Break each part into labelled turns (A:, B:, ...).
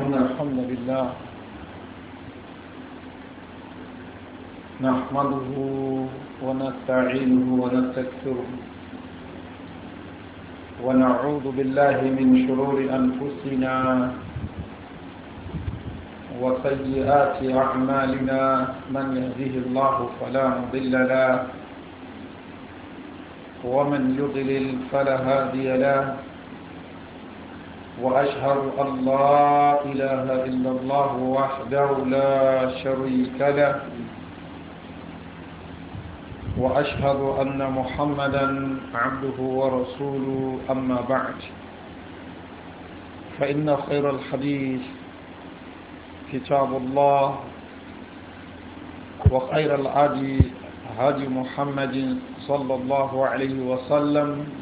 A: إن الحمد لله نحمده ونستعينه ونستكثره ونعوذ بالله من شرور أنفسنا وسيئات أعمالنا من يهده الله فلا مضل له ومن يضلل فلا هادي له وأشهد أن لا إله إلا الله وحده لا شريك له وأشهد أن محمدا عبده ورسوله أما بعد فإن خير الحديث كتاب الله وخير العدي هدي محمد صلى الله عليه وسلم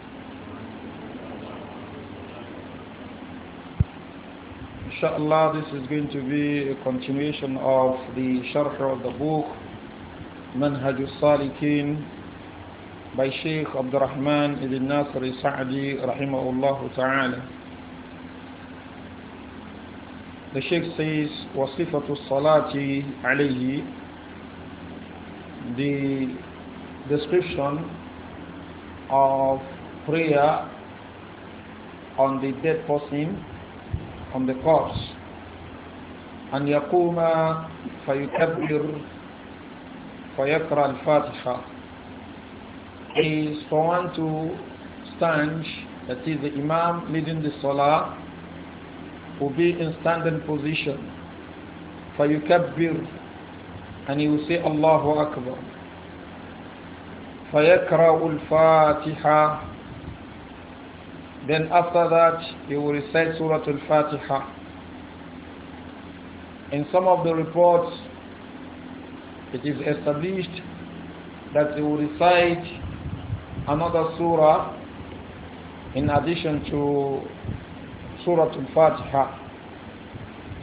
A: Inshallah, this is going to be a continuation of the Sharh of the book Manhaj al-Salikin by Sheikh Abdurrahman ibn Nasr al-Sa'di rahimahullah ta'ala. The Sheikh says, "Wasifatu الصَّلَاةِ عَلَيْهِ The description of prayer on the dead person on the corpse أن يقوم فيكبر فيقرأ الفاتحة is for one to stand that is the imam leading the salah will be in standing position فيكبر and he will say الله أكبر فيقرأ الفاتحة then after that, he will recite Surah Al-Fatiha. In some of the reports, it is established that he will recite another surah in addition to Surah Al-Fatiha.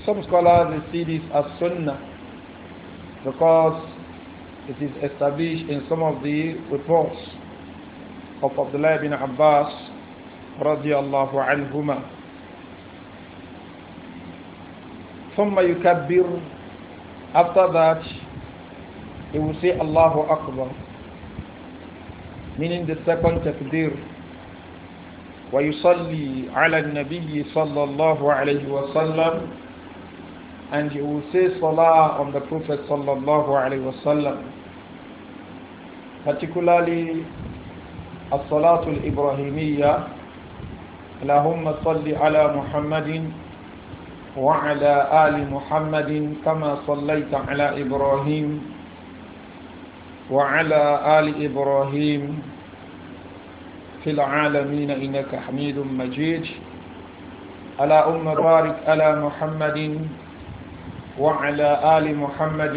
A: Some scholars see this as sunnah because it is established in some of the reports of Abdullah bin Abbas رضي الله عنهما ثم يكبر after that الله will say عند السكن meaning the second takbir ويصلي على النبي صلى الله عليه وسلم and he will say salah on the Prophet صلى الله عليه وسلم particularly الصلاة الإبراهيمية اللهم صل على محمد وعلى آل محمد كما صليت على إبراهيم وعلى آل إبراهيم في العالمين إنك حميد مجيد على أم بارك على محمد وعلى آل محمد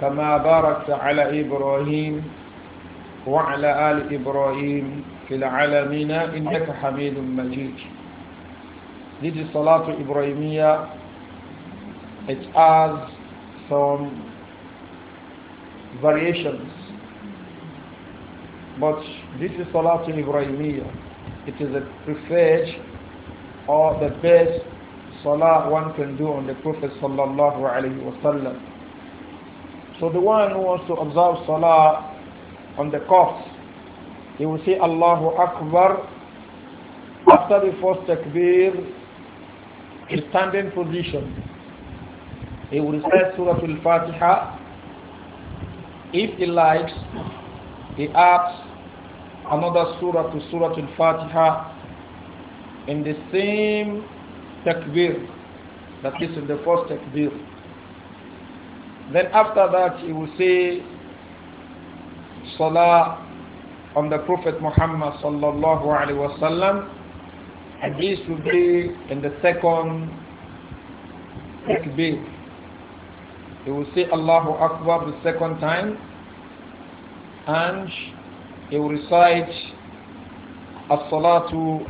A: كما باركت على إبراهيم وعلى آل إبراهيم في العالمين إنك حميد مجيد This is Salatul It has some variations. But this is al-Ibrahimiyya Ibrahimiyya. It is the preferred or the best Salah one can do on the Prophet Sallallahu Alaihi Wasallam. So the one who wants to observe Salah on the corpse he will say Allahu Akbar. After the first takbir, standing position, he will recite Surah Al-Fatiha. If he likes, he adds another surah to Surah Al-Fatiha in the same takbir, that is in the first takbir. Then after that, he will say Salah from the Prophet Muhammad sallallahu alaihi wasallam. And this will be in the second takbir. He will say Allahu Akbar the second time and he will recite As-Salatu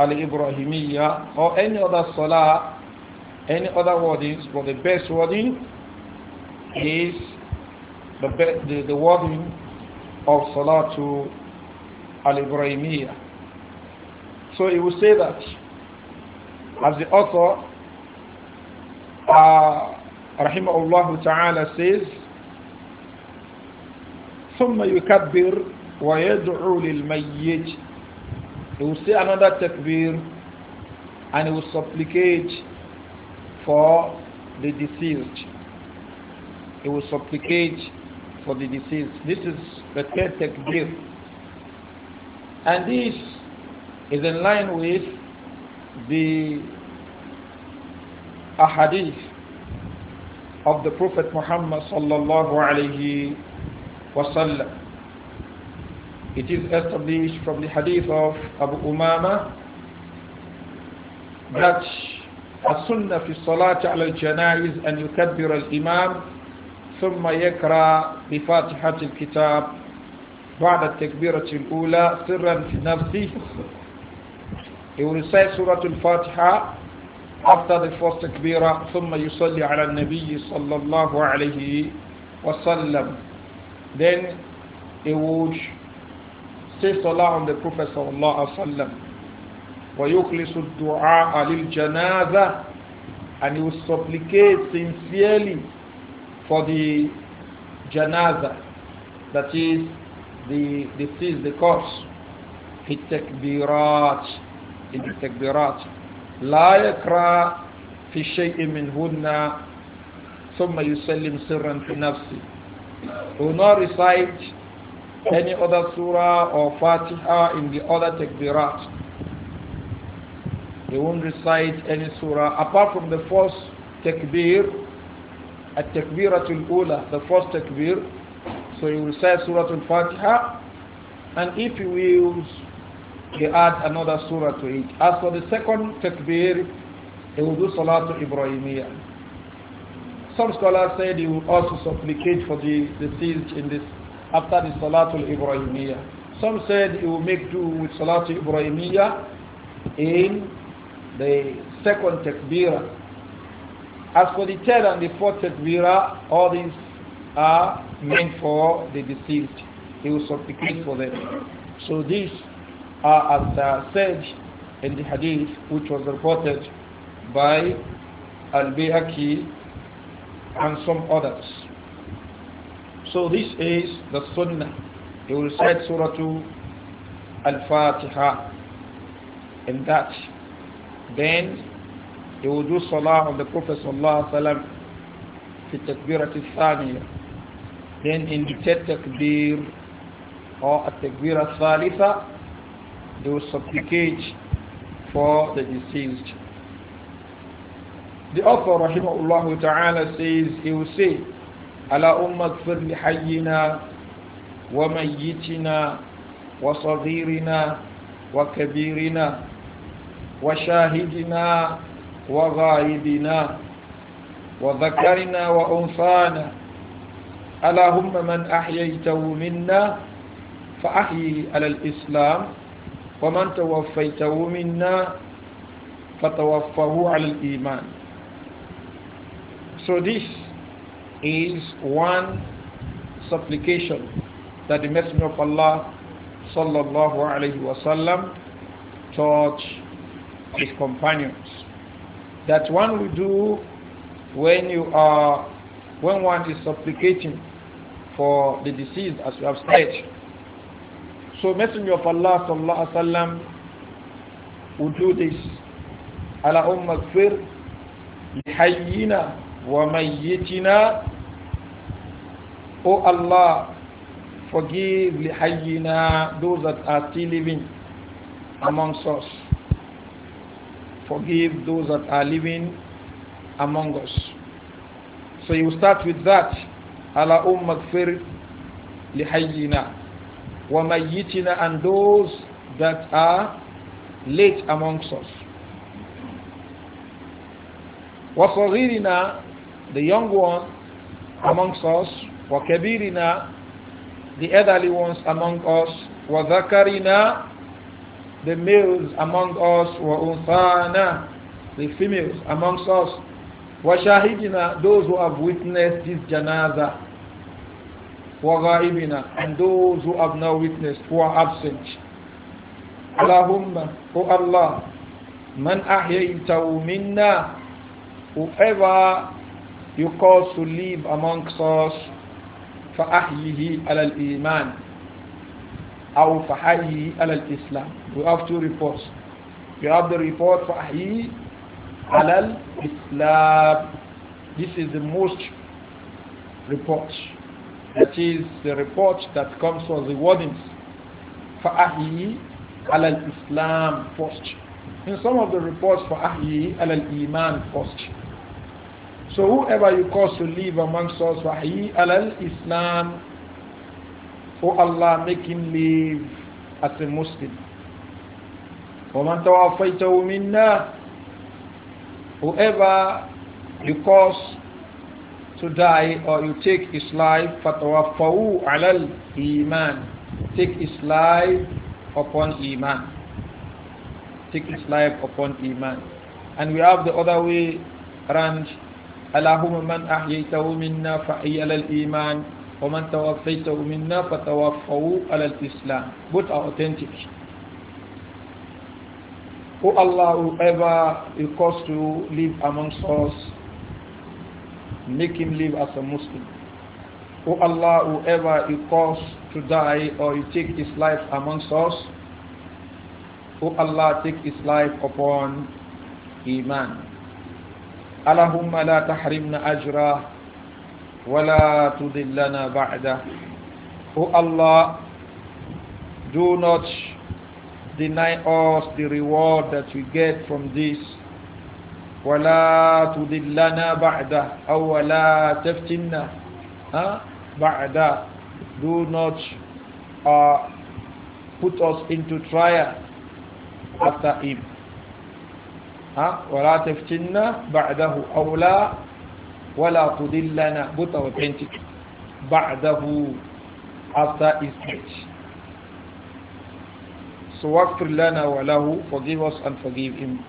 A: Al-Ibrahimiyya or any other Salah, any other wordings, but the best wording is the, the, the wording of Salatu al-Ibrahimiyya. So he will say that as the author uh, rahimahullah ta'ala says ثم يكبر ويدعو للميت he will say another takbir and he will supplicate for the deceased he will supplicate for the deceased this is the said And this is in line with the ahadith of the Prophet Muhammad sallallahu alayhi wasallam. It is established from the hadith of Abu Umama that السنة في al على الجنائز أن al-imam. ثم يقرأ بفاتحة الكتاب بعد التكبيرة الأولى سرا في نفسه He will recite Surah Al-Fatiha after the first takbirah ثم يصلي على النبي صلى الله عليه وسلم Then he would say Salah on the Prophet صلى الله عليه وسلم ويخلص الدعاء للجنازة and he would supplicate sincerely for the janaza, that is the the sees the corpse. في التكبيرات in the takbirat لا يقرأ في شيء منهن ثم يسلم سرا في نفسه will not recite any other surah or fatiha in the other takbirat they won't recite any surah apart from the first takbir at takbiratul ula the first takbir so you will say surah al-fatiha and if you will you add another surah to it as for the second takbir he will do salat ibrahimiyya some scholars said he will also supplicate for the deceased in this after the Salatul Ibrahimiyya. Some said he will make do with Salatul Ibrahimiyya in the second takbirah as for the third and the fourth takbirah, all these are meant for the deceased. He will supplicate for them. So these are as uh, said in the hadith which was reported by Al-Bayhaqi and some others. So this is the sunnah. He will recite Surah Al-Fatiha and that. Then he will do salah on the Prophet sallallahu alaihi wasallam في التكبيرة الثانية then in the third takbir or التكبيرة الثالثة they will supplicate for the deceased the author rahimahullah ta'ala says he will say ألا أم اغفر لحينا وميتنا وصغيرنا وكبيرنا وشاهدنا وغائبنا وذكرنا وأنثانا اللهم من أحييته منا فأحيه على الإسلام ومن توفيته منا فتوفه على الإيمان So this is one supplication that the Messenger of Allah sallallahu الله عليه وسلم taught his companions. that one will do when you are when one is supplicating for the deceased as we have said so messenger of allah sallallahu alaihi wasallam would do this ala ummaghfir lihayyina wa mayyitina o allah forgive lihayyina those that are still living amongst us forgive those that are living among us. So you start with that. Ala ummakfir lihayyina wa mayyitina and those that are late amongst us. Wa saghirina the young one amongst us. Wa kabirina the elderly ones among us. Wa zakarina the males among us were unfana the females amongst us. Washahidina, those who have witnessed this janaza. Waghaibina, and those who have now witnessed, who are absent. Allahumma, O Allah, man ahyaytahu minna, whoever you cause to live amongst us, ala al-Iman. أو فحيه على الإسلام we have two reports we have the report فحيه على الإسلام this is the most report that is the report that comes from the wordings فحيه على الإسلام first in some of the reports فحيه على الإيمان first So whoever you cause to live amongst us, Wahi al Islam, for Allah, make him live as a Muslim. وَمَنْ تَوَفَّيْتَهُ مِنَّا Whoever you cause to die or you take his life, فَتَوَفَّوْا عَلَى الْإِيمَانِ Take his life upon Iman. Take his life upon Iman. And we have the other way around. اللهم من أحييته منا فأي على الإيمان ومن توفيته منا فتوفوا على الإسلام both authentic O Allah whoever you cause to live amongst us make him live as a Muslim O Allah whoever you cause to die or you take his life amongst us O Allah take his life upon Iman Allahumma la tahrimna ajrah ولا تضلنا بعده O oh Allah do not deny us the reward that we get from this ولا تضلنا بعده أو ولا تفتنا huh? بعده do not uh, put us into trial after him ها ولا تفتنا بعده أو لا وَلَا تُضِلَّنَا Both are بَعْدَهُ After his death. So وَغْفِرْ لَنَا وَلَهُ Forgive us and forgive him.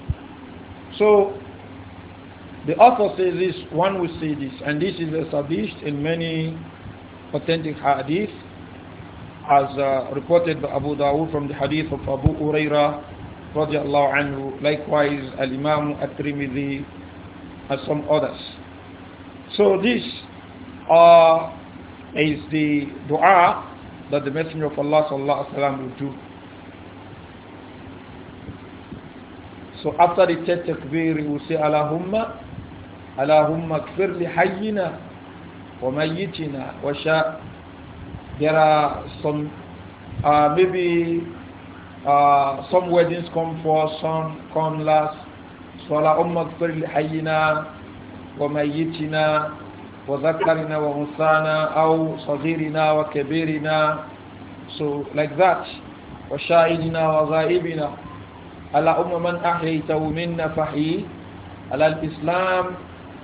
A: So the author says this, one will say this, and this is established in many authentic hadith as uh, reported by Abu Dawud from the hadith of Abu Uraira الله عنه, likewise Al-Imam At-Tirmidhi and some others. So this uh, is the dua that the Messenger of Allah sallallahu alaihi wasallam will do. So after the third takbir, he will say, Allahumma, Allahumma kfir li hayyina wa mayyitina wa sha. There are some, uh, maybe uh, some weddings come first, some come last. So Allahumma kfir li hayyina وميتنا وذكرنا وغثانا أو صغيرنا وكبيرنا so like that وشاهدنا وغائبنا على أم من أحيته منا فحي على الإسلام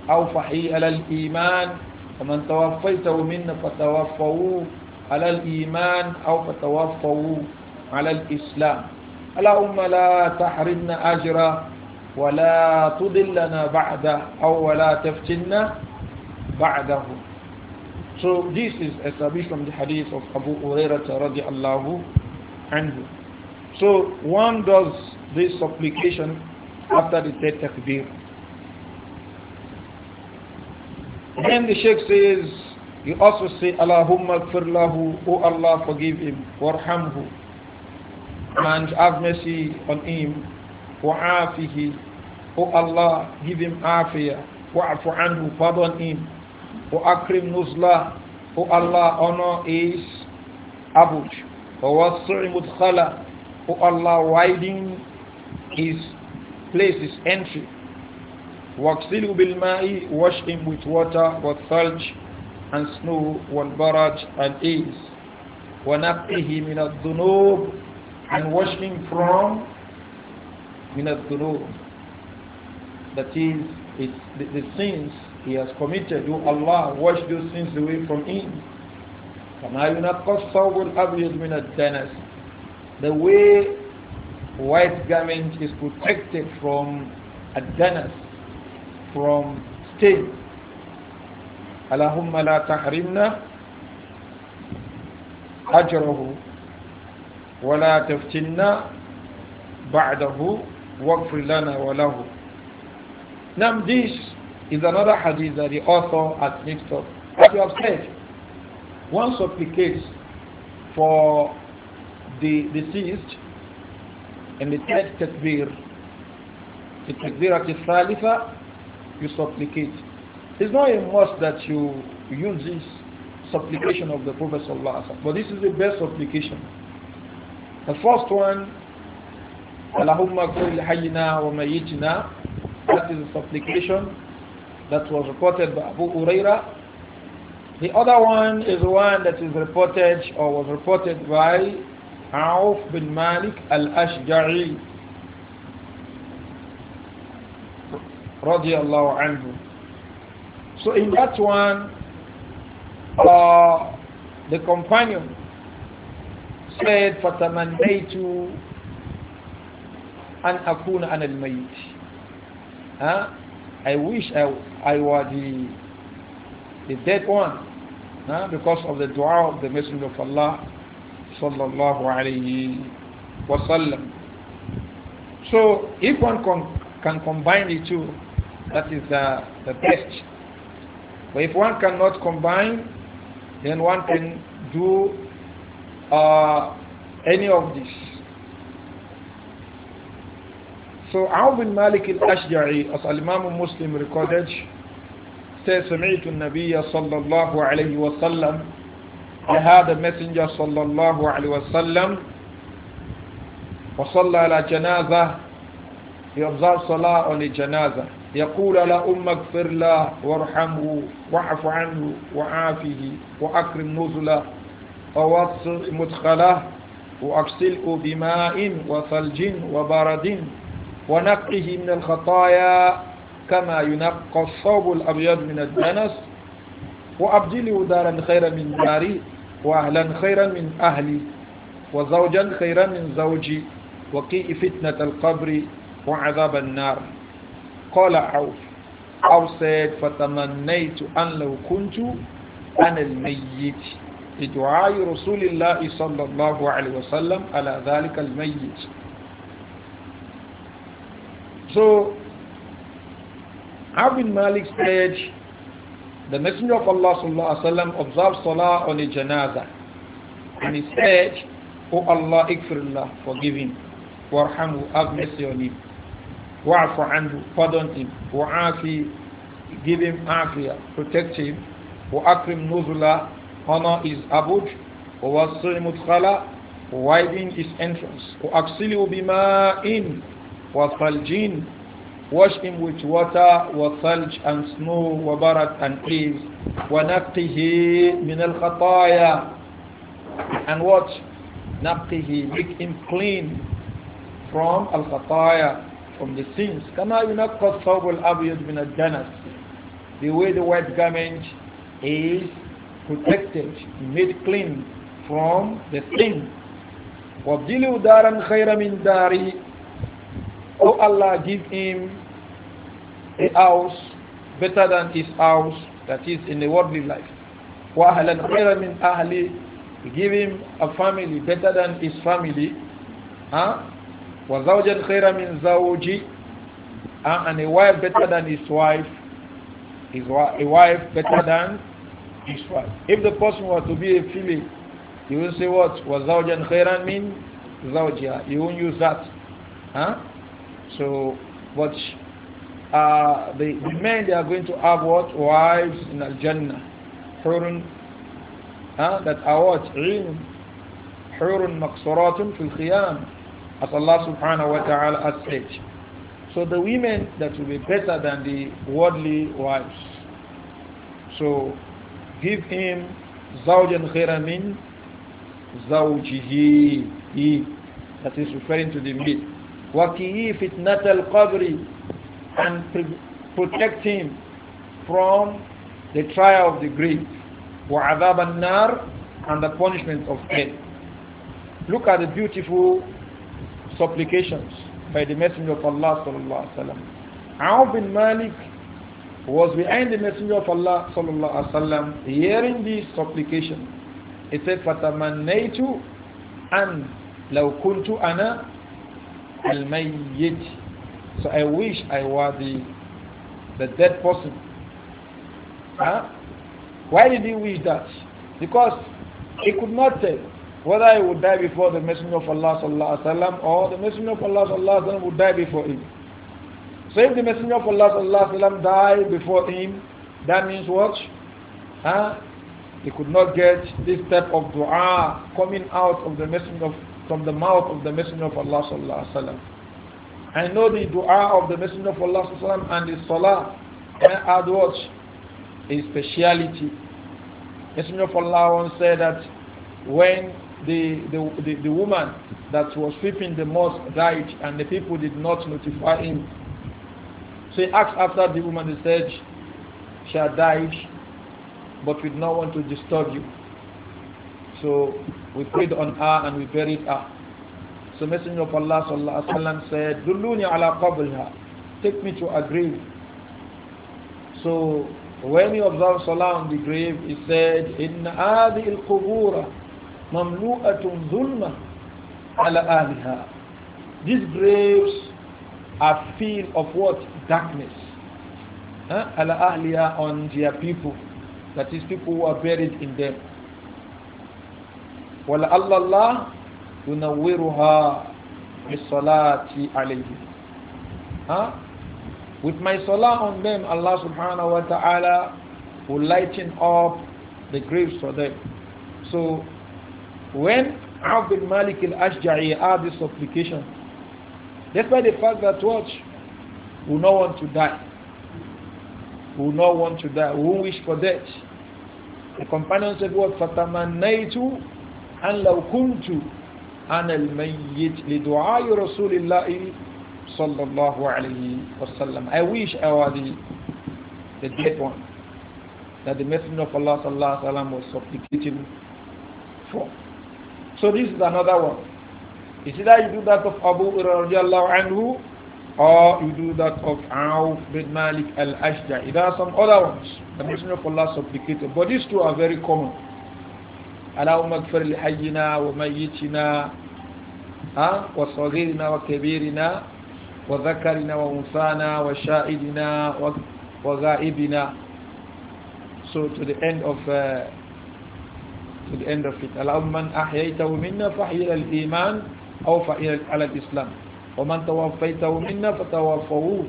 A: أو فحي على الإيمان ومن توفيته منا فتوفوا على الإيمان أو فتوفوا على الإسلام على أم لا تحرمنا أجره ولا تضلنا بعد أو ولا تفتنا بعده So this is established from the hadith of Abu Hurairah radiallahu anhu. So one does this supplication after the third takbir. Then the Sheikh says, you also say, Allahumma lahu, O Allah forgive him, warhamhu, and have mercy on him, وعافه O Allah, give him عافية Wa'afu anhu, pardon him. O akrim nuzla. O Allah, honor his abuj. O wasu'i mudkhala. O Allah, widen his place, his entry. واغسله bil ma'i, wash him with water, with thalj and snow, wal baraj and ease. Wa من الذنوب and wash him from minad that is it's the, the, sins he has committed Do Allah wash those sins away from him فما ينقى الثوب الأبيض من the way white garment is protected from dennis, from stain اللهم لا تحرمنا أجره ولا تفتنا بعده واغفر لنا وله Now this is another hadith that the author has mixed up. As you have said, one supplicates for the deceased in the third takbir. The takbir at the thalitha, you supplicate. It's not a must that you use this supplication of the Prophet Sallallahu Alaihi Wasallam, but this is the best supplication. The first one اللهم اغفر لحينا وميتنا That is a supplication that was reported by Abu Huraira. The other one is one that is reported or was reported by Auf bin Malik al-Ashja'i radiallahu anhu. So in that one, uh, the companion said, you." an akuna huh? I wish I, I the, the dead one huh? because of the dua of the Messenger of Allah sallallahu alayhi wa sallam so if one can combine the two that is the, the best but if one cannot combine then one can do uh, any of these So Auf bin Malik al-Ashja'i, as Imam Muslim recorded, says, سمعت النبي صلى الله عليه وسلم I heard the messenger صلى الله عليه وسلم وصلى على جنازة He observed Salah on the janazah يقول على أم اغفر له وارحمه واعف عنه وعافه وأكرم نزله ووصل مدخله وأغسله بماء وثلج وبرد ونقه من الخطايا كما ينقى الصوب الأبيض من الدنس وأبدله دارا خيرا من داري وأهلا خيرا من أهلي وزوجا خيرا من زوجي وقيء فتنة القبر وعذاب النار قال عوف أو سيد فتمنيت أن لو كنت أنا الميت بدعاء رسول الله صلى الله عليه وسلم على ذلك الميت So, Abin Malik said, the Messenger of Allah sallallahu alaihi wasallam observed salah on a janaza, and he said, "O oh Allah, ikfirullah, forgive him, warhamu, have mercy on him, wa'fu anhu, pardon him, wa'afi, give him afia, protect him, wa'akrim nuzula, honor his abud, wa'wasir mudkhala, widen his entrance, wa'aksili bima'in." وثلجين wash him with water وثلج and snow وبرد and leaves ونقه من الخطايا and what نقه make him clean from الخطايا from the sins كما ينقى الثوب الأبيض من الدنس the way the white garment is protected made clean from the sin وابدلوا دارا خير من داري Oh Allah, give him a house better than his house that is in the worldly life. وَأَهْلًا خَيْرًا مِنْ Give him a family better than his family. Huh? وَزَوْجًا خَيْرًا huh? And a wife better than his wife. His wife, a wife better than his wife. If the person were to be a filly, you will say what? وَزَوْجًا خَيْرًا مِنْ You won't use that. Huh? So, but uh, the, the, men, they are going to have what? Wives in Al-Jannah. Hurun, huh? that are what? Ilm. Hurun maqsuratun fil khiyam. As Allah subhanahu wa ta'ala has said. So the women that will be better than the worldly wives. So give him zaujan khairan zaujihi. That is referring to the meat not فِتْنَةَ الْقَبْرِ And protect him from the trial of the grave. وَعَذَابَ النَّارِ And the punishment of hell. Look at the beautiful supplications by the Messenger of Allah sallallahu alaihi wasallam. Abu bin Malik was behind the Messenger of Allah sallallahu alaihi wasallam hearing this supplication. He said, "Fatamannaytu an law kuntu ana al-mayyit. So I wish I were the, the dead person. Huh? Why did he wish that? Because he could not tell whether he would die before the Messenger of Allah sallallahu or the Messenger of Allah sallallahu would die before him. So if the Messenger of Allah sallallahu alaihi died before him, that means what? Huh? He could not get this type of dua coming out of the Messenger of from the mouth of the Messenger of Allah sallallahu alaihi wasallam. I know the dua of the Messenger of Allah sallallahu alaihi wasallam and the salah and ad watch is speciality. Messenger of Allah once said that when the, the, the, the woman that was sweeping the mosque died and the people did not notify him, so he asked after the woman, he said, she had died, but we do not want to disturb you. So we prayed on her and we buried her. So Messenger of Allah sallallahu alaihi wasallam said, ala take me to a grave." So when he observed salah on the grave, he said, "Inna adi al-qubura mamlu'atun dhulma ala ahliha." These graves are filled of what darkness. Huh? Ala ahliha on their people, that is people who are buried in them. ولعل الله ينورها بالصلاة عليه huh? With my salah on them, Allah subhanahu wa ta'ala will lighten up the graves for them. So when Abd Malik al-Ashja'i had this supplication, despite the fact that watch, will not want to die, will not want to die, will wish for death. The companion said, what? فَتَمَنَّيْتُ أن لو كنت أنا الميت لدعاء رسول الله صلى الله عليه وسلم I wish I were the, dead one that the Messenger of Allah صلى الله عليه وسلم was supplicating for so this is another one is that you do that of Abu radiallahu anhu or you do that of Auf bin Malik al-Ashja there are some other ones the Messenger of Allah supplicated but these two are very common اللهم اغفر لحينا وميتنا ها وصغيرنا وكبيرنا وذكرنا وانثانا وشاهدنا وغائبنا so to the end of uh, to the end of it اللهم من احييته منا فحي الى الايمان او فحي على الاسلام ومن توفيته منا فتوفوه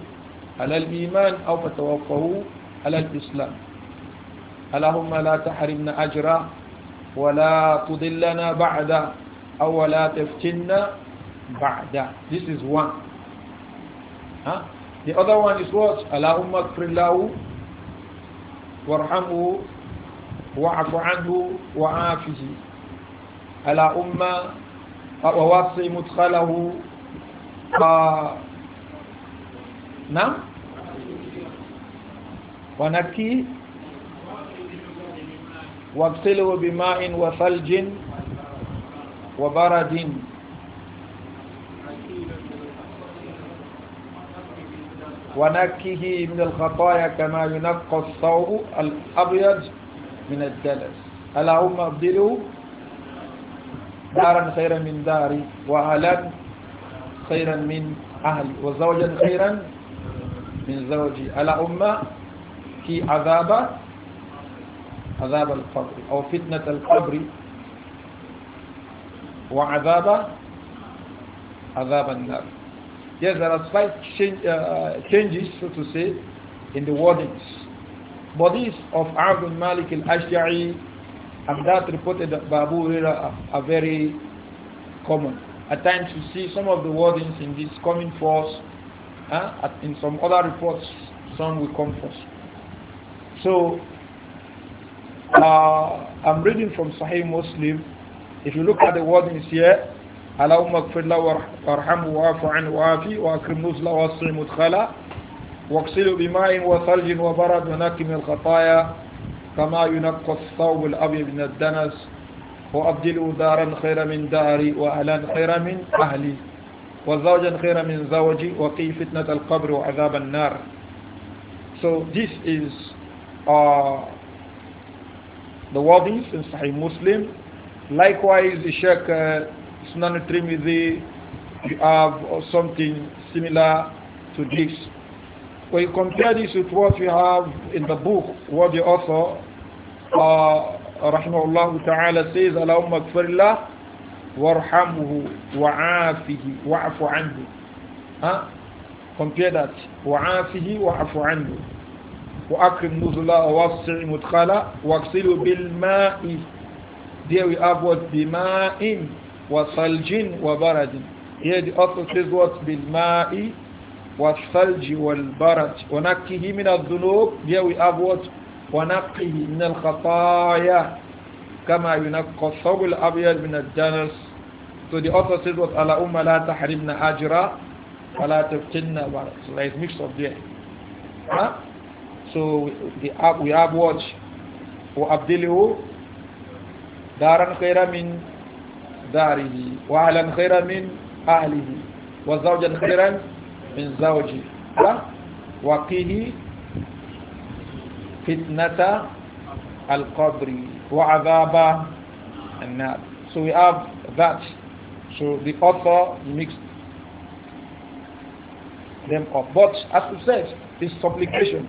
A: على الإيمان أو فتوفه على الإسلام اللهم لا تحرمنا أجره ولا تضلنا بعد أو ولا تفتنا بعد this is one huh? the other one is what اللهم اغفر له وارحمه واعف عنه وعافه على امه ووصي مدخله ف... نعم ونكي واغسله بماء وثلج وبرد ونكه من الخطايا كما ينقى الثوب الأبيض من الا اللهم ابدله دارا خيرا من داري وأهلا خيرا من أهلي وزوجا خيرا من زوجي اللهم كي عذابا عذاب القبر أو فتنة القبر وعذاب عذاب النار Yes, there are slight change, uh, changes, so to say, in the wordings. But this of Abdul Malik al-Ashja'i and that reported by Abu Huraira are very common. At times you see some of the wordings in this coming force. Huh? In some other reports, some will come first. So uh, I'm reading from Sahih Muslim. If you look at the wordings here, اللهم اغفر له وارحمه واعف عنه وعافي واكرم نزله واسع مدخله واغسله بماء وثلج وبرد ونقي من الخطايا كما ينقى الثوب الابيض من الدنس وابدله دارا خيرا من داري واهلا خيرا من اهلي وزوجا خيرا من زوجي وقي فتنه القبر وعذاب النار So this is uh, the wordings in Sahih Muslim. Likewise, Sheikh uh, Sunan Trimidi, you have something similar to this. When you compare this with what we have in the book, what the author, uh, rahimahullah ta'ala, says, Allahumma kfirillah, warhamhu, wa'afihi, wa'afu anhu. Huh? Compare that. Wa'afihi, wa'afu anhu. وأكرم نزلا ووسع مدخلا واغسله بالماء ديوي we have what بماء وثلج وبرد Here the author says what بالماء والثلج والبرد ونقه من الذنوب Here we have what ونقه من الخطايا كما ينقى الثوب الأبيض من الدنس So the author says what اللهم لا تحرمنا أجرا ولا تفتنا برد So there is mix of there huh? So we have, we have what? وأبدله دارا خيرا من داره وأهلا خيرا من أهله وزوجا خيرا من زوجه وقيه فتنة القبر وعذاب النار So we have that. So the author mixed them up. But as we said, this supplication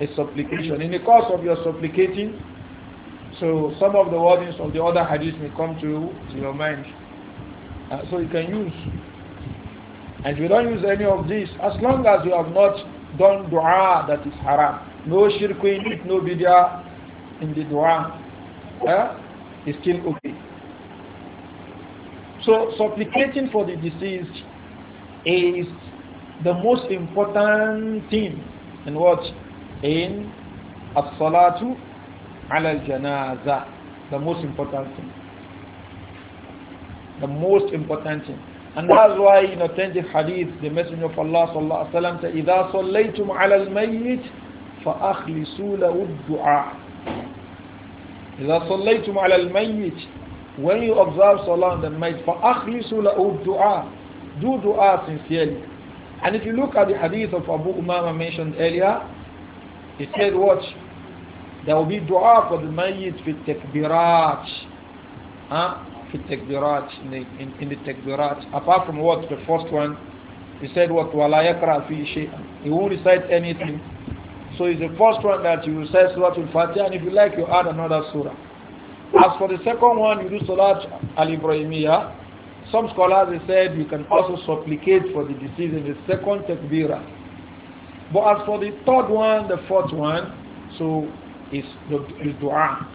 A: a supplication. In the course of your supplicating, so some of the wordings of the other hadith may come to, to your mind. Uh, so you can use. And you don't use any of this as long as you have not done dua that is haram. No shirk in it, no bidya in the dua. Uh, eh? is still okay. So supplicating for the deceased is the most important thing in what in as-salatu ala al-janaza the most important thing the most important thing and that's why in authentic hadith the messenger of Allah sallallahu alaihi wasallam said idha sallaytum ala al-mayyit fa akhlisu lahu dua idha sallaytum ala al-mayyit when you observe salah on the mayyit fa akhlisu lahu dua do dua sincerely and if you look at the hadith of Abu Umama mentioned earlier he said what? There will be dua for the mayyit fi takbirat. Huh? Fi takbirat, in the, in, in the takbirat. Apart from what? The first one. He said what? Wala yakra fi He won't recite anything. So it's the first one that you recite Surah Al-Fatiha and if you like you add another surah. As for the second one, you do Salat Al-Ibrahimiyah. Some scholars they said you can also supplicate for the deceased in the second takbirah. But as for the third one, the fourth one, so is the it's dua.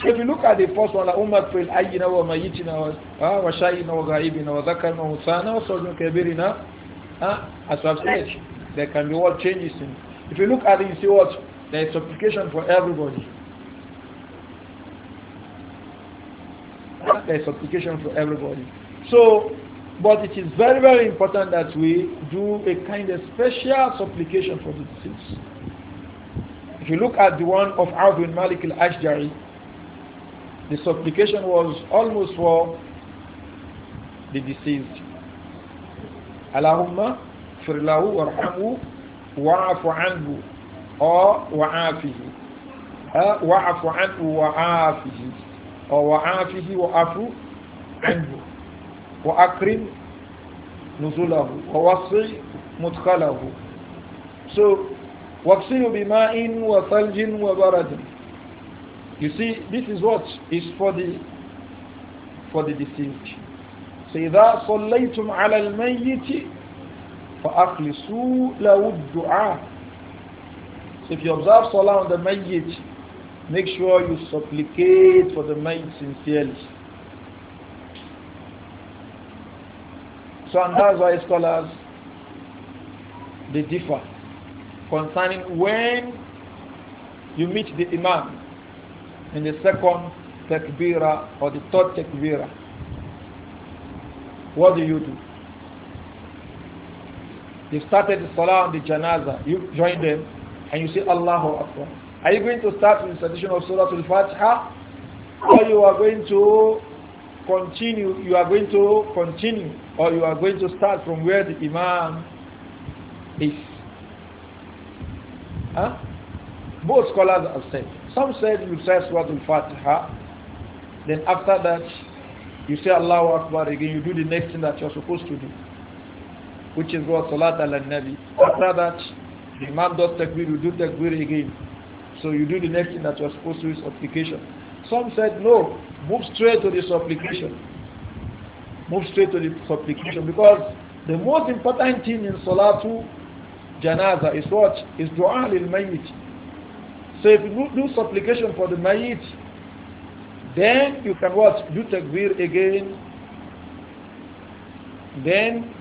A: So if you look at the first one, like Umar prayed, Ayyina wa mayitina wa uh, shayina wa ghaibina wa zakarna wa usana wa sojun kabirina. Uh, as I've said, there can be all changes in. If you look at it, you see what? There is supplication for everybody. Uh, there is supplication for everybody. So but it is very, very important that we do a kind of special supplication for the deceased. If you look at the one of Auf Malik al-Ashjari, the supplication was almost for the deceased. Allahumma firlahu warhamu wa'afu anhu or wa'afihi. Wa'afu anhu wa'afihi or wa'afihi wa'afu anhu. وأكرم نزله ووَصِي مدخله so واغسله بماء وثلج وبرد you see this is what is for the for the deceased so إذا صليتم على الميت فأخلصوا له الدعاء so if you observe Salah on the Mayyit, make sure you supplicate for the Mayyit sincerely. So and that's why scholars they differ concerning when you meet the imam in the second takbira or the third takbira. What do you do? You started the salah on the janaza. You join them and you say Allahu Akbar. Are you going to start with the tradition of Surah Al-Fatiha or you are going to continue, you are going to continue or you are going to start from where the Imam is. Huh? Both scholars have said. Some said you say you Al-Fatiha, then after that you say Allahu Akbar again, you do the next thing that you're supposed to do, which is what Salat al-Nabi. After that, the Imam does takbir, you do takbir again. So you do the next thing that you're supposed to do is application. Some said, no, move straight to the supplication. Move straight to the supplication because the most important thing in Salatu Janaza is what? Is Dua lil Mayyit. So if you do supplication for the Mayyit, then you can what? Do Takbir again. Then,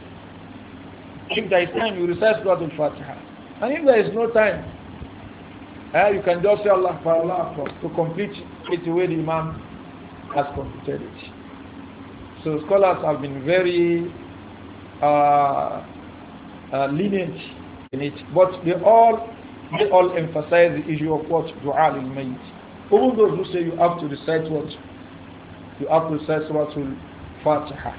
A: if there is time, you recite Surah Al-Fatiha. And if there is no time, uh, you can just say Allah for Allah to complete it the way the Imam has completed it. So scholars have been very uh, uh, lenient in it, but they all they all emphasize the issue of what du'a al mayit. All those who say you have to recite what you have to recite Suratul Fatiha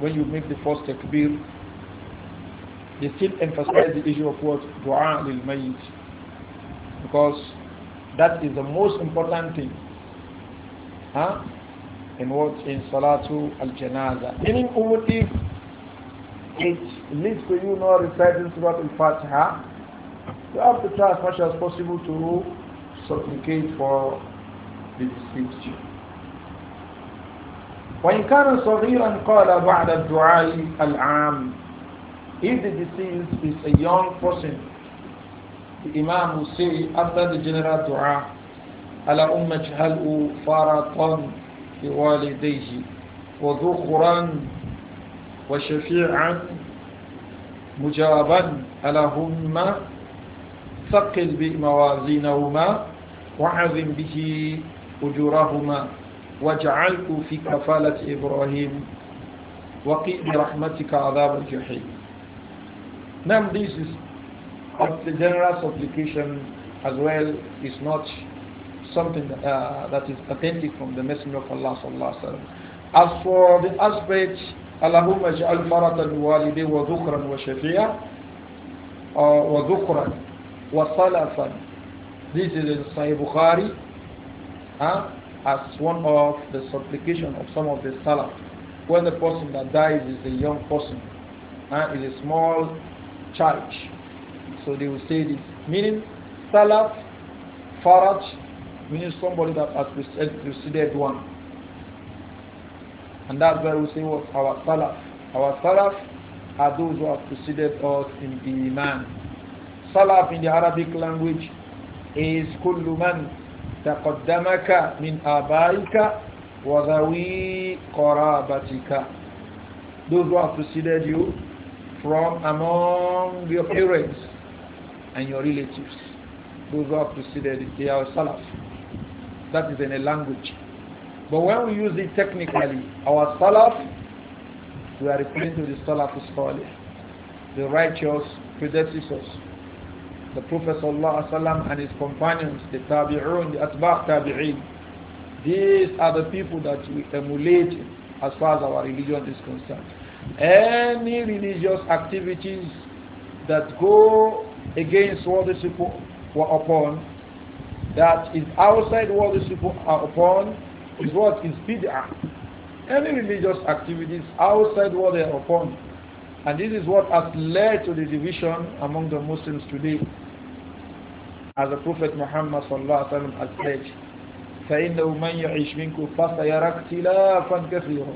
A: when you make the first takbir, they still emphasize the issue of what du'a al mayit because that is the most important thing. Huh? In what? In Salatu al-Janaza. Meaning even if it leads to you not reciting Surah al-Fatiha, you have to try as much as possible to supplicate for the deceased. وإن كان صغيرا قال بعد الدعاء العام If the deceased is a young person الإمام سي will جنرال دعاء على general dua, ألا أم اجهل فرطا بوالديه وذخرا وشفيعا مجابا على ألهم ثقل بموازينهما وعظم به أجورهما واجعلك في كفالة إبراهيم وقيم رحمتك عذاب الجحيم. نعم this But the general supplication as well is not something that, uh, that is authentic from the Messenger of Allah sallallahu As for the aspect, Allahumma ja'al faratan walidi wa dhukran wa shafi'a uh, wa dhukran wa salafan. This is in Sahih Bukhari huh? as one of the supplication of some of the salaf. When the person that dies is a young person, huh? is a small child so they will say this. Meaning, Salaf, Faraj, meaning somebody that has preceded one. And that's why we say what our Salaf. Our Salaf are those who have preceded us in Iman. Salaf in the Arabic language is كل من تقدمك من آبائك وذوي قرابتك those who have preceded you from among your parents and your relatives. Those who have preceded they are salaf. That is in a language. But when we use it technically, our salaf, we are referring to the salaf salih, the righteous predecessors. The Prophet ﷺ and his companions, the tabi'un, the Atbaq tabi'in. These are the people that we emulate as far as our religion is concerned. Any religious activities that go against what these people were upon, that is outside what these people are upon, is what is bid'ah. Any religious activities outside what they are upon. And this is what has led to the division among the Muslims today. As the Prophet Muhammad has said, فإنه من يعيش منكم فسيرى اختلافا كثيرا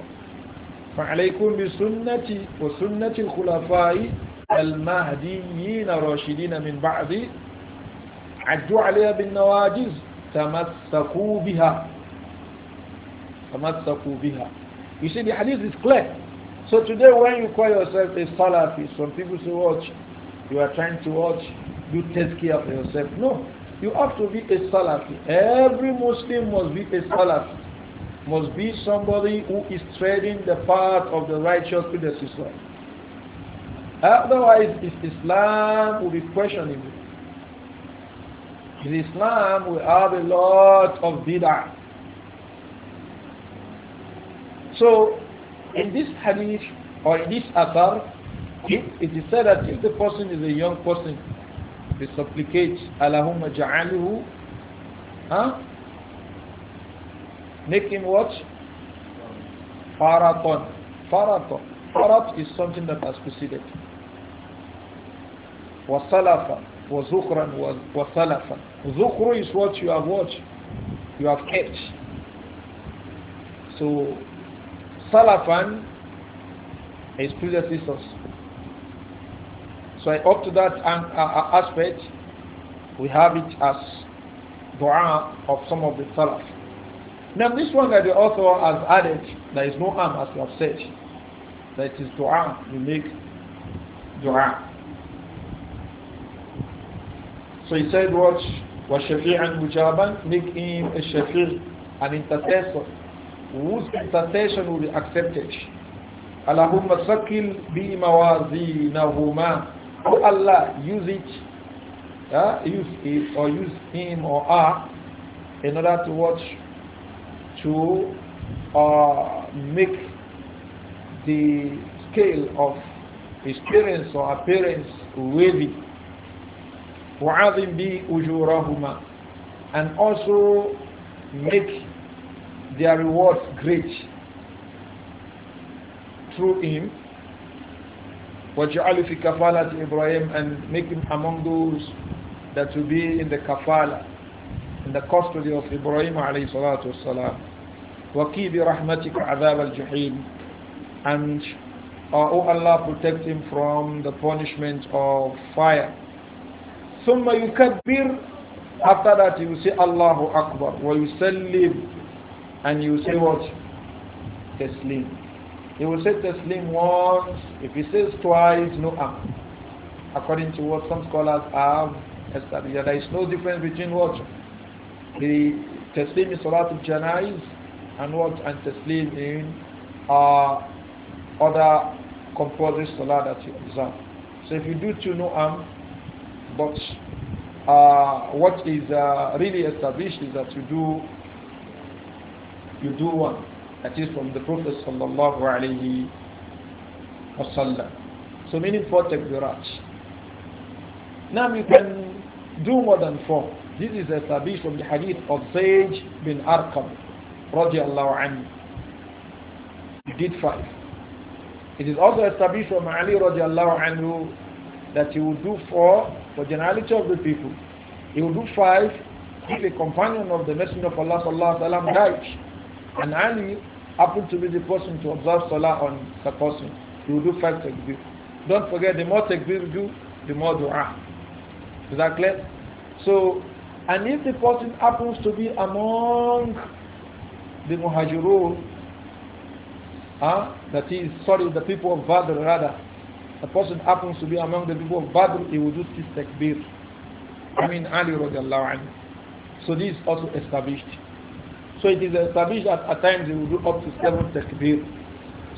A: فعليكم بسنتي وسنة الخلفاء المهديين راشدين من بعد عدوا عليها بالنواجز تمسكوا بها تمسكوا بها You see the hadith is clear So today when you call yourself a Salafi some people say watch you are trying to watch you take care of yourself No you have to be a Salafi Every Muslim must be a Salafi must be somebody who is treading the path of the righteous predecessor Otherwise, Islam will be questioning. In Islam, we have a lot of bid'ah. So, in this hadith or in this athar, it, it is said that if the person is a young person, they supplicate, Allahumma ja'aluhu, huh? make him watch Faraton. Faraton. Farat is something that has preceded. وَصَلَفًا was وَصَلَفًا Zukhru is what you have watched, you have kept. So, Salafan is predecessors. So up to that aspect, we have it as dua of some of the salaf. Now this one that the author has added, there is no harm as you have said. That is dua, you make dua. So he said "Watch, what? وَشَفِيعًا mujaban. Make him a shafi' an intercessor whose intercession will be accepted. اللهم ثقل بموازينهما Oh Allah, use it, use it or use him or her in order to watch, to uh, make the scale of experience or appearance worthy وَعَظِمْ بِي أُجُورَهُمَا And also make their rewards great through him. وَجَعَلُ فِي كَفَالَةِ إِبْرَاهِيمَ And make him among those that will be in the kafala, in the custody of Ibrahim alayhi salatu wasalam. وَقِي بِرَحْمَتِكَ عَذَابَ الْجَحِيمِ And uh, oh Allah protect him from the punishment of fire. ثم يكبر after that you say Allahu Akbar wa yusallim and you say what taslim he will say taslim once if he says twice no harm according to what some scholars have established there is no difference between what the taslim in of janaiz and what and taslim in uh, other compulsory salat that you observe so if you do two no harm but uh, what is uh, really established is that you do you do one. That is from the Prophet sallallahu alaihi wasallam. So meaning four takbirat. Now you can do more than four. This is established from the hadith of Zayd bin Arqam radiallahu anhu. He did five. It is also established from Ali radiallahu anhu that he would do four for generality of the people, he will do five if a companion of the Messenger of Allah sallallahu alaihi wasallam died, and Ali happened to be the person to observe salah on the person, he will do five takbir. Don't forget, the more takbir you do, the more dua. Is that clear? So, and if the person happens to be among the muhajirun, huh? that is, sorry, the people of Badr rather, a person happens to be among the people of Badr, he will do this takbir. I mean Ali radiallahu anhu. So this is also established. So it is established that at times he will do up to seven takbir.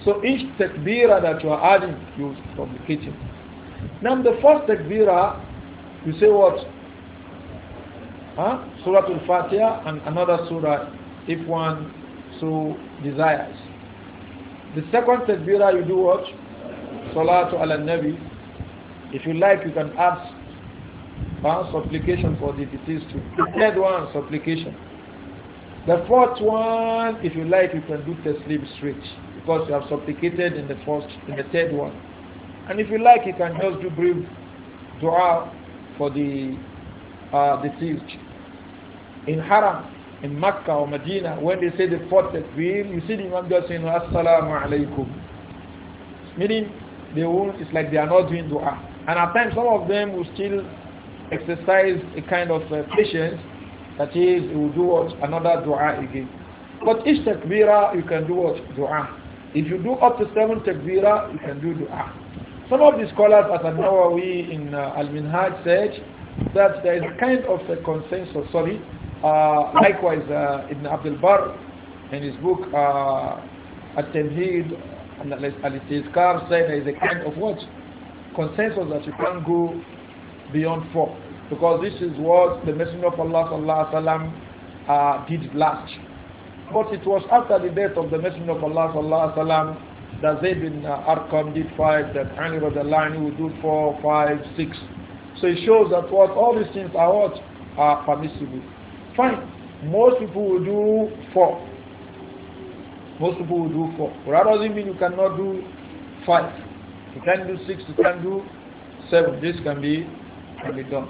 A: So each takbirah that you are adding, you from the kitchen. Now the first takbirah, you say what? Huh? Surah Al-Fatiha and another surah if one so desires. The second takbirah you do what? Salatu ala Nabi. If you like, you can ask one supplication for the deceased to The third one, supplication. The fourth one, if you like, you can do the sleep stretch because you have supplicated in the first, in the third one. And if you like, you can just do brief dua for the uh, deceased. In Haram, in Mecca or Medina, when they say the fourth prayer, you see the Imam just saying, Assalamu alaikum. Meaning, they won't, it's like they are not doing dua. And at times some of them will still exercise a kind of uh, patience, that is, they will do what? Another dua again. But each takbirah, you can do what? Dua. If you do up to seven takbirah, you can do dua. Some of the scholars at An-Nawawi in uh, Al-Minhaj said that there is a kind of a consensus, sorry, uh, likewise uh, Ibn Abdul Barr in his book uh, At-Tamheed and al-istizkar said there is a kind of what? Consensus that you can't go beyond four. Because this is what the Messenger of Allah sallallahu alaihi wasallam uh, did last. But it was after the death of the Messenger of Allah sallallahu alaihi wasallam that Zayd bin uh, did five, that Ali line would do four, five, six. So it shows that what all these things are what are permissible. Fine. Most people will do four. Most people will do four. But that doesn't mean you cannot do five. You can do six, you can do seven. This can be, can be done.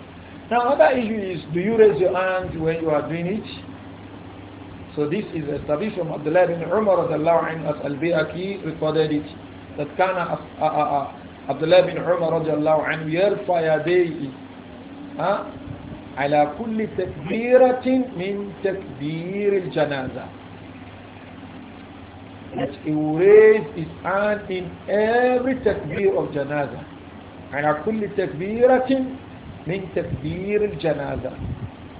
A: Now another issue is, do you raise your hand when you are doing it? So this is a tradition from Abdullah bin Umar as al-Bayhaqi recorded it. That kana uh, uh, uh, Abdullah bin Umar radiallahu anhu yarfa yadayhi ala kulli takbiratin min takbir al-janaza that he will raise his hand in every takbir of janaza. kulli takbiratin تكبيرة takbir al-janaza.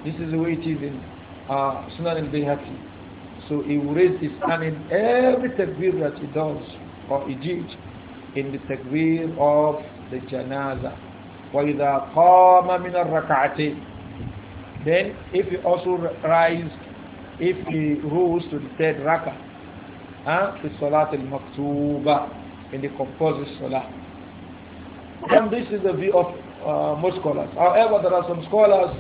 A: This is the way it is in uh, Sunan al-Bayhaqi. So he will raise his hand in every takbir that he does or he did in the takbir of the janaza. وإذا قام من الركعتين Then if he also rise, if he rose to the third rakah, and fi salat maktuba in the composite salah. And this is the view of uh, most scholars. However, there are some scholars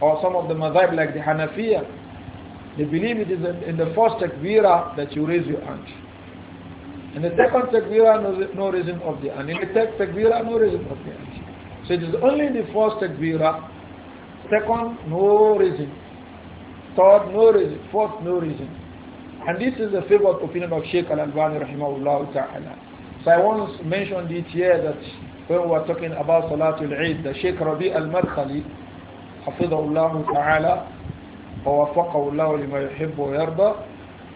A: or some of the madhab like the Hanafiya, they believe it is in the first takbirah that you raise your hand. In the second takbirah, no, no reason of the hand. In the third takbirah, no reason of the hand. So it is only in the first takbirah, second, no reason. Third, no reason. Fourth, no reason. And this is the favored opinion of Sheikh Al-Albani rahimahullah ta'ala. So I once mentioned it here that when we were talking about Salatul Eid, the Sheikh Rabi Al-Madkhali, hafidhahullah ta'ala,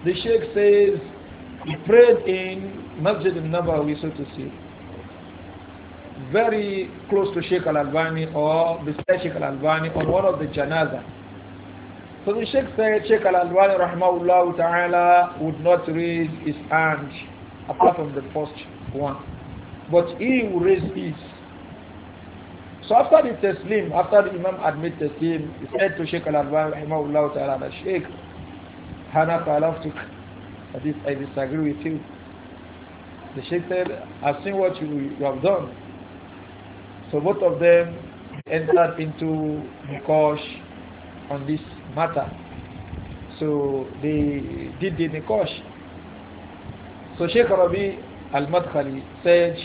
A: The Sheikh says he prayed in Masjid al-Nabawi so to say very close to Sheikh al-Albani or beside Sheikh al-Albani on one of the janazah so the Sheikh said Sheikh Al-Alwani Rahmahullah Ta'ala would not raise his hand apart from the first one. But he will raise his. So after the Taslim, after the Imam admit Taslim, he said to Sheikh Al-Alwani Rahmahullah Ta'ala, Sheikh, Hana Talaftuk, I disagree with you. The Sheikh said, I've seen what you, you have done. So both of them entered into Nikosh on this matter. So they did the Nikosh. So Sheikh Rabi Al-Madkhali said,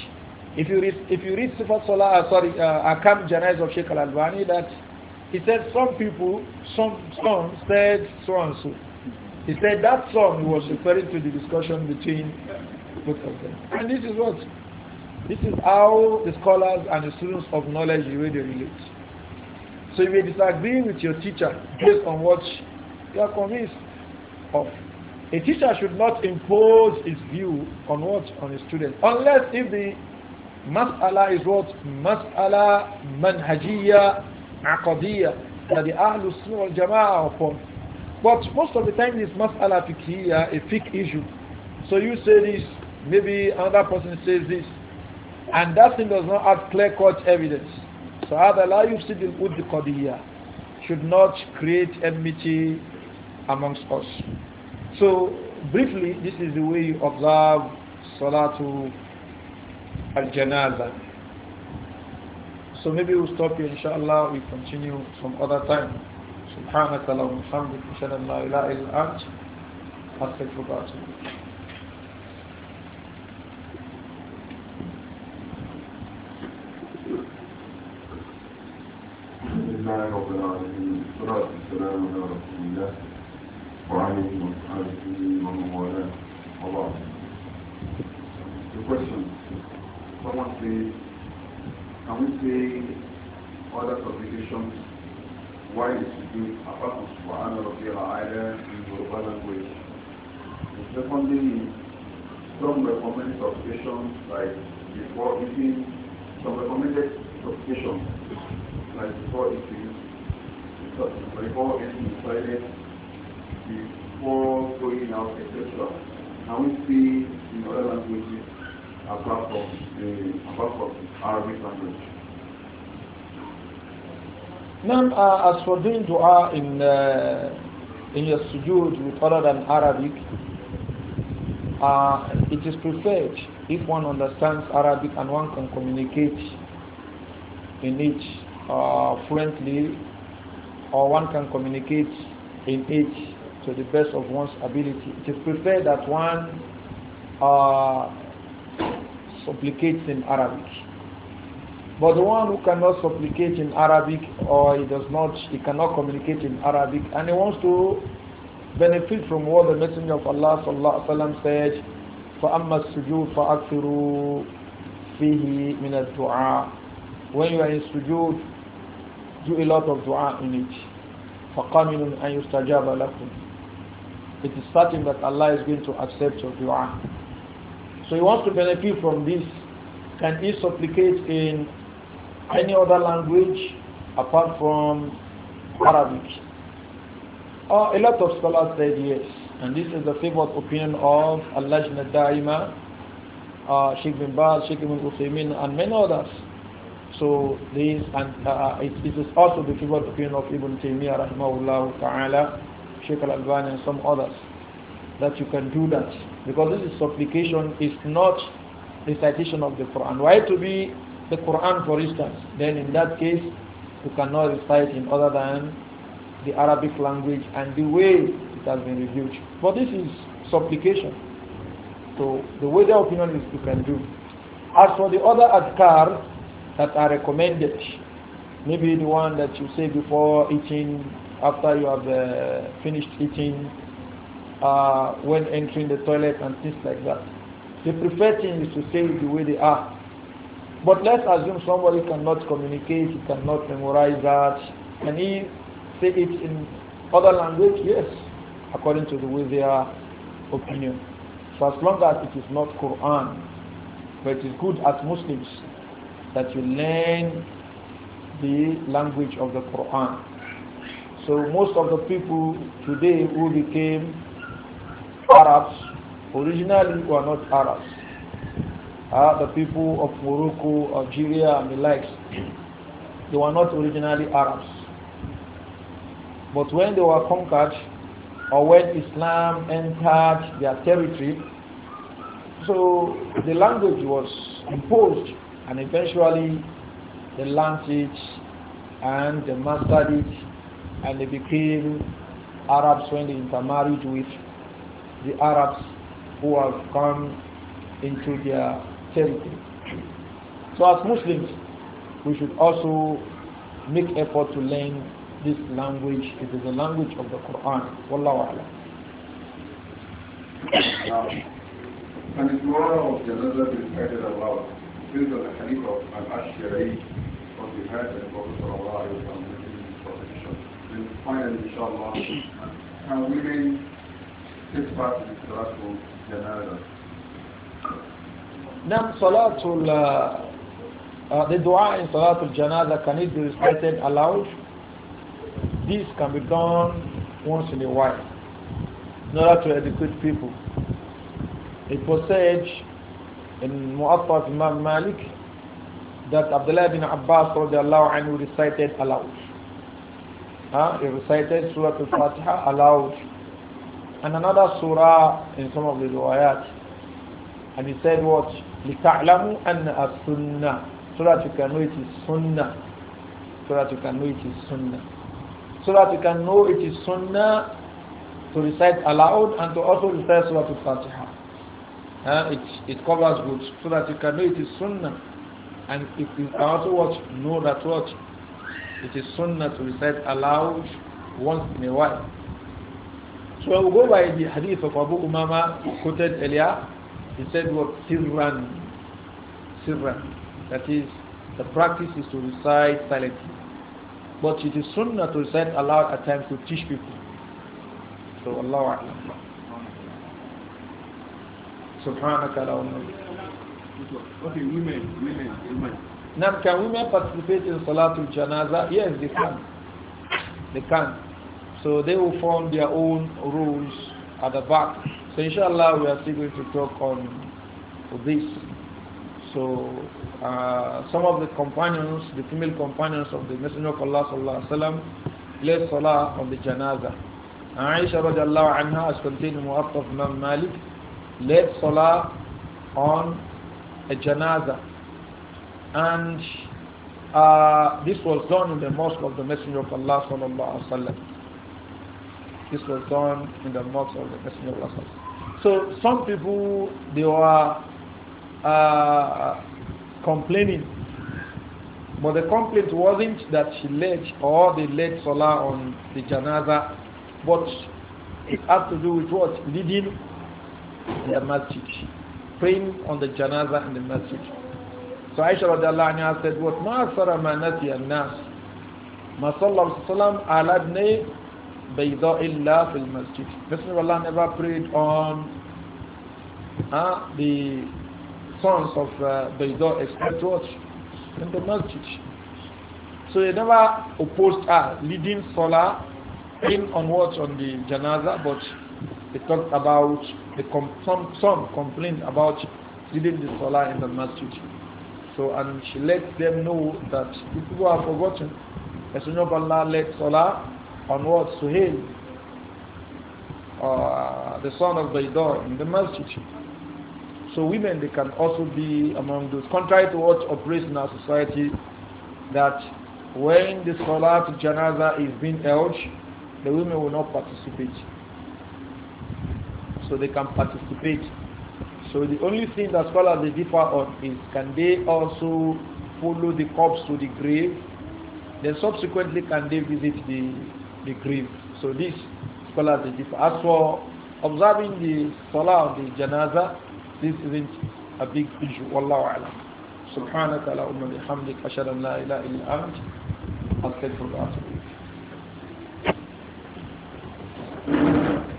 A: if you read, if you read Sifat Salah, uh, sorry, uh, Akam Janais of Sheikh Al-Albani, that he said some people, some some said so and so. He said that song was referring to the discussion between both of them. And this is what? This is how the scholars and the students of knowledge really relate. So you may disagree with your teacher based on what you are convinced of. A teacher should not impose his view on what on a student, unless if the mas'ala is what mas'ala manhajiyya aqadiyya that the Ahlus Sunnah wal Jama'ah upon. But most of the time this mas'ala fiqhiyya a fiqh issue. So you say this, maybe another person says this, and that thing does not have clear-cut evidence. فهذا لا يفسد الود قضية should not create enmity amongst us so briefly this is the way you observe salatu al-janaza so maybe we'll stop here inshallah we continue some other time سبحانك اللهم وبحمدك اشهد ان لا اله الا انت استغفرك واتوب اليك والصلاة والسلام على رسول الله وعليه وصحبه ومن والاه وبعد The question, someone says, can we say other supplications while speaking apart from Subhana Rabbiyal A'la in Yoruba language? The secondly, some recommended obligations like before eating, some recommended obligations like before eating before getting the toilet, before going out, etc. Now we see in other languages apart from uh, apart from Arabic language. Now, uh, as for doing dua in uh, in your sujood with other than Arabic, uh, it is preferred if one understands Arabic and one can communicate in it uh, fluently or one can communicate in it to the best of one's ability. It is preferred that one uh, supplicates in Arabic. But the one who cannot supplicate in Arabic or he does not, he cannot communicate in Arabic and he wants to benefit from what the Messenger of Allah sallallahu alaihi wasallam said, فَأَمَّا السُّجُودُ فَأَكْثِرُوا فِيهِ مِنَ الدُّعَاءِ When you are in sujood, do a lot of dua in it. فَقَامِنٌ أَن يُسْتَجَابَ لَكُمْ It is certain that Allah is going to accept your dua. So he wants to benefit from this. Can he supplicate in any other language apart from Arabic? Oh, a lot of scholars said yes. And this is the favorite opinion of Allah Daima, uh, Sheikh bin Baz, Sheikh bin Uthaymeen, and many others. So this and uh, it, it is also the favored opinion of Ibn Taymiyyah rahimahullah ta'ala, Sheikh al-Albani and some others that you can do that because this is supplication is not recitation of the Quran. Why to be the Quran for instance? Then in that case you cannot recite in other than the Arabic language and the way it has been reviewed. But this is supplication. So the way the opinion is you can do. As for the other adkar, that are recommended. Maybe the one that you say before eating, after you have uh, finished eating, uh, when entering the toilet and things like that. The preferred thing is to say the way they are. But let's assume somebody cannot communicate, he cannot memorize that. Can he say it in other language? Yes, according to the way they are opinion. So as long as it is not Quran, but it is good as Muslims that you learn the language of the Quran. So most of the people today who became Arabs, originally were not Arabs. Uh, the people of Morocco, Algeria and the likes, they were not originally Arabs. But when they were conquered, or when Islam entered their territory, so the language was imposed and eventually they learned it and they mastered it and they became Arabs when they intermarried with the Arabs who have come into their territory. So as Muslims, we should also make effort to learn this language. It is the language of the Quran. Wallahu a'lam. And of the decided about build the of Prophet Sallallahu Alaihi Wasallam Then finally, inshallah, can take part in Salatul Salatul, uh, uh, the dua in Salatul Janaza, can it be recited aloud? This can be done once in a while in order to educate people. A passage in Mu'atta Imam Malik that Abdullah bin Abbas عنه recited aloud. Huh? He recited Surah Al-Fatiha aloud and another surah in some of the riwayat. And he said what? لِتَعْلَمُوا أَنَّ السُنَّةِ Surah that you can know it is sunnah. Surah you can know it is sunnah. Surah you can know it is sunnah to recite aloud and to also recite Surah Al-Fatiha uh, it, it covers good so that you can know it is sunnah and if you to what know that what it is sunnah to recite aloud once in a while so I will go by the hadith of Abu Umama quoted earlier he said what sirran sirran that is the practice is to recite silently but it is sunnah to recite aloud at times to teach people so Allah Allah Subhanaka la Okay, women, women, women. Now, can women participate in Salatul Janaza? Yes, they can. They can. So they will form their own rules at the back. So inshallah, we are still going to talk on this. So uh, some of the companions, the female companions of the Messenger of Allah sallallahu alaihi wasallam, placed salah on the janaza. Aisha radiallahu anha as contained Mu'attaf man Malik led salah on a janaza and uh, this was done in the mosque of the messenger of Allah this was done in the mosque of the messenger of Allah so some people they were uh, complaining but the complaint wasn't that she led or they led salah on the janaza but it had to do with what leading in the masjid, praying on the janaza in the masjid. So Aisha radiallahu anha said, What ma'asara ma nati al-nas? Ma sallallahu sallam ala bnei bayda illa fil masjid. Messenger of Allah never prayed on uh, the sons of uh, Bayda except what? In the masjid. So they never opposed her uh, leading Salah in on what? On the janaza, but they talked about the some, some complained about reading the salah in the masjid. So, and she let them know that if people are forgotten. The Messenger of Allah led salah on what? Suhail, uh, the son of Baidar in the masjid. So women, they can also be among those. Contrary to what operates in our society, that when the salah to janaza is being held, the women will not participate so they can participate. So the only thing that scholars they differ on is can they also follow the corpse to the grave? Then subsequently can they visit the, the grave? So this scholars they differ. As for observing the salah of the janaza, this isn't a big issue. Wallahu alam. سبحانك اللهم بحمدك أشهد أن لا إله إلا أنت أستغفرك وأتوب إليك